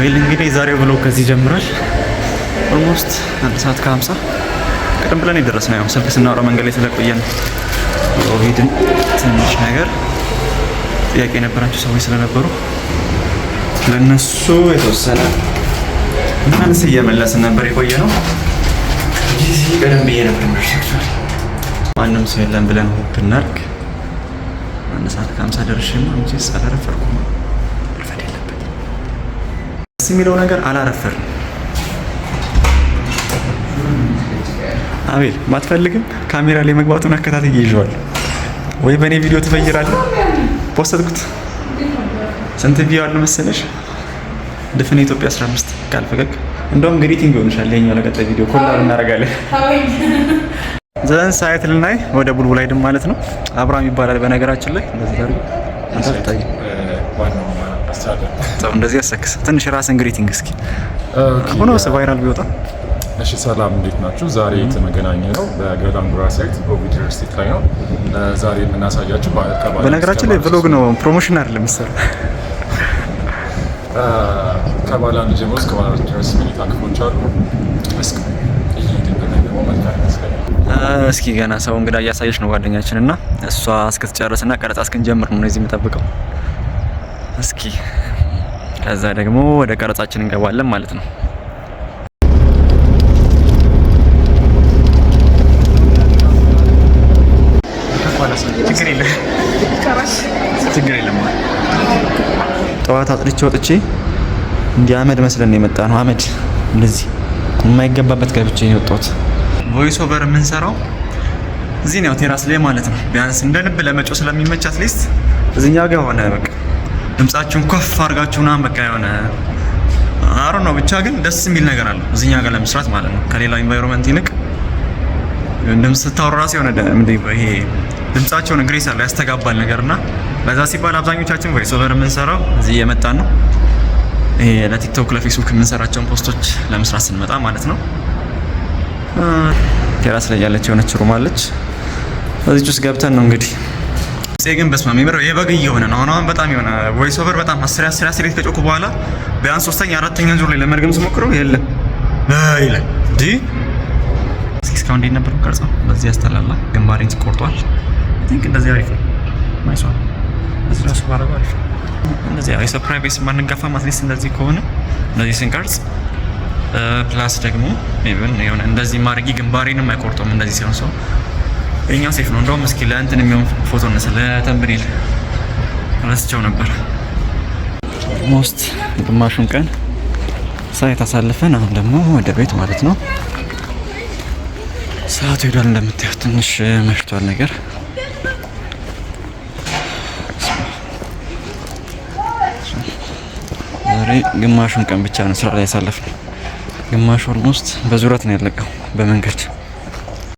ዌል እንግዲህ ዛሬው ብሎ ከዚህ ጀምሯል። ኦልሞስት አንድ ሰዓት ከ50 ቀደም ብለን የደረስነው ያው ስልክ ስናወራ መንገድ ላይ ስለቆየን ኦቪድን ትንሽ ነገር ጥያቄ የነበራቸው ሰዎች ስለነበሩ ለእነሱ የተወሰነ መልስ እየመለስን ነበር የቆየ ነው። እዚህ ቀደም ብዬ ነበር ደርሳቸዋል። ማንም ሰው የለም ብለን ሆፕ እናድርግ። አንድ ሰዓት ከ50 ደርሼማ እንጂ አላረፈርኩም። ደስ የሚለው ነገር አላረፈርም። አቤል ማትፈልግም ካሜራ ላይ መግባቱን አከታተይ ይዤዋል ወይ በእኔ ቪዲዮ ትፈይራለህ። ፖስተትኩት ስንት ቪዲዮ አለ መሰለሽ? ድፍን ኢትዮጵያ 15 ቃል ፈቀቅ እንደውም ግሪቲንግ ይሆንሻል። ይኸኛው ለቀጣይ ቪዲዮ ኮላብ እናደርጋለን። ዘን ሳይት ልናይ ወደ ቡልቡል አይደል ማለት ነው። አብራም ይባላል በነገራችን ላይ እንደዚህ ታሪክ አንተ ታይ ዋናው ማለት ጠብ እንደዚህ ያሰክስ ትንሽ ራስን ግሪቲንግ እስኪ ሆኖ ቫይራል ቢወጣ እሺ ሰላም እንዴት ናችሁ? ዛሬ የተገናኘ ነው በገዳም ጉራ ሳይት ኦቪድ ዩኒቨርሲቲ ላይ ነው። ዛሬ የምናሳያችሁ በነገራችን ላይ ብሎግ ነው ፕሮሞሽን አይደለም የሚሰራው ከባለ አንድ ጀምሮ እስከ ባለ አራት ድረስ መኝታ ክፍሎች አሉ። እስኪ ገና ሰው እንግዳ እያሳየች ነው ጓደኛችን እና እሷ እስክትጨርስና ቀረጻ እስክንጀምር ነው እዚህ የምጠብቀው። እስኪ ከዛ ደግሞ ወደ ቀረጻችን እንገባለን ማለት ነው። ችግር የለም። ጠዋት አጥልቼ ወጥቼ እንዲህ አመድ መስለን የመጣ ነው። አመድ እንደዚህ የማይገባበት ገብቼ ነው የወጣሁት። ቮይስ ኦቨር የምንሰራው እዚህ ነው፣ ቴራስ ላይ ማለት ነው። ቢያንስ እንደ ልብ ለመጮ ስለሚመች አትሊስት እዚህኛው ጋር ሆነ በቃ ድምጻችሁን ከፍ አድርጋችሁ ምናምን በቃ የሆነ አሮ ነው ብቻ ግን ደስ የሚል ነገር አለ እዚኛ ጋር ለመስራት ማለት ነው። ከሌላው ኢንቫይሮንመንት ይልቅ ድምጽ ስታወሩ ራሱ የሆነ ይሄ ድምጻቸውን ግሬስ አለ ያስተጋባል ነገርና በዛ ሲባል አብዛኞቻችን ቮይስ ኦቨር የምንሰራው እዚህ የመጣን ነው። ይሄ ለቲክቶክ ለፌስቡክ የምንሰራቸውን ፖስቶች ለመስራት ስንመጣ ማለት ነው። ቴራስ ላይ ያለች የሆነች ሩም አለች። እዚህ ውስጥ ገብተን ነው እንግዲህ ድምፄ ግን በስማም ይሄ በግ እየሆነ ነው። አሁን አሁን በጣም የሆነ ቮይስ ኦቨር በጣም አስር አስር አስር ከጮኩ በኋላ ቢያንስ ሶስተኛ አራተኛ ዙር ላይ ለመድገም ስሞክረው የለም ይላል። እስኪ እስካሁን እንዴት ነበር ቀርጸው? በዚህ ያስጠላላ ግንባሬን ቆርጧል። ቲንክ እንደዚህ አሪፍ ነው። ማይሷል እዚህ ራሱ ባረባ አሪፍ ነው። እንደዚህ የሰው ፕራይቬሲ ማንጋፋ ማትሊስት እንደዚህ ከሆነ እንደዚህ ስንቀርጽ ፕላስ ደግሞ ኢቭን የሆነ እንደዚህ ማድረጊ ግንባሬንም አይቆርጠውም እንደዚህ ሲሆን ሰው እኛ ሴፍ ነው። እንደውም እስኪ ለእንትን የሚሆን ፎቶ እነሳ ለተምብኔል ረስቸው ነበር። ሞስት ግማሹን ቀን ሳይት አሳልፈን አሁን ደግሞ ወደ ቤት ማለት ነው። ሰዓቱ ሄዷል እንደምታዩት፣ ትንሽ መሽቷል ነገር ዛሬ ግማሹን ቀን ብቻ ነው ስራ ላይ ያሳለፍ ግማሹ ኦልሞስት በዙረት ነው ያለቀው በመንገድ